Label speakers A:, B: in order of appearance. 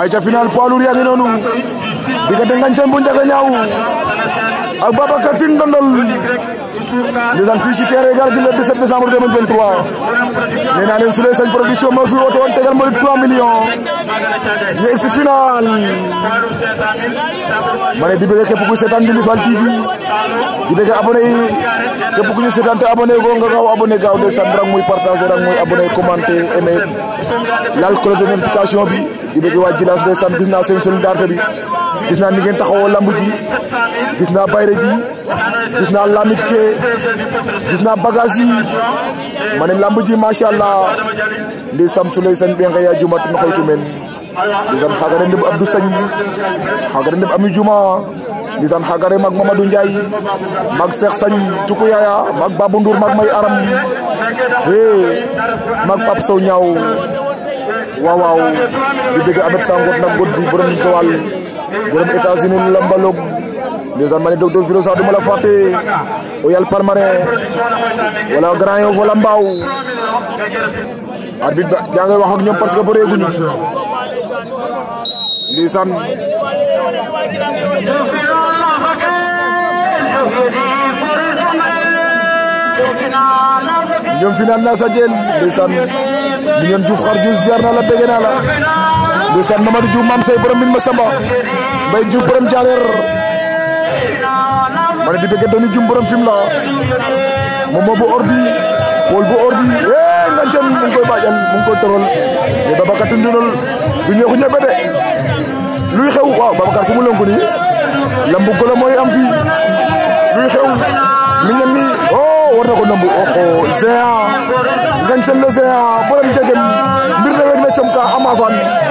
A: ay ca final poids lourd yaa ngi noonu diggante Ngagne bu Ndiaga Niaw ak Babacar Tine Ndondol ndeysaan fii ci terrain Gaal gi 17 décembre 2023 nena len leen sañ production ma fi woto won tegal mo 3 millions ni ci final mané di bëgg képp ku seetaan di fal TV di bëgg abonné yi képp ku ñu seetaan té abonné go nga gaw abonné gaaw ndeysaan rang muy partager ak muy abonné commenter aimer yal ko de notification bi di bëgg waa Djilass sam gis naa seen solidarité bi gis na ni ngeen taxawoo lamb ji gis naa bayre ji gis naa lamit ke gis naa bagage yi ma ne lamb ji macha allah ndeysaan su lay sañ ɓenga ya jumat no xooytu men ndeysaan xagare ndeb Abdou Sagne xagare ndeb Ami Juma ndeysaan xagare mag Mamadou Ndiaye mag Cheikh Sagne tuku yaaya mag Babou Ndour mag May Aram hee mag Pape Sow ñaaw waaw waaw di bëgg Ahmed Sangot na Ngodji borom Joal borom États-Unis nu lambalog ndeysaan ma ne docteur Firosa du ma o yal parmarin wala grand yow wala mbaaw arbitre ba yaa ngi wax ak ñoom parce que bëree guñu ndeysaan ñoom final naa sa jël ndeysaan mi ngeen Diouf xar Diouf ziar naa la bëgg naa la ndeysaan Mamadou Diouf maam say borom min ma samba borom di doni Diouf borom fim la bu ordi wol bu ordi ngancen mu koy bàjjal mu koy torol mais Babacar tundinol du ñeexu ñebe de luy xew waaw Babacar fu mu lonku lambu am luy xew mi oh ko nambu oho zea gancel le zea borom jegem mbir rewek na cam ka ama fan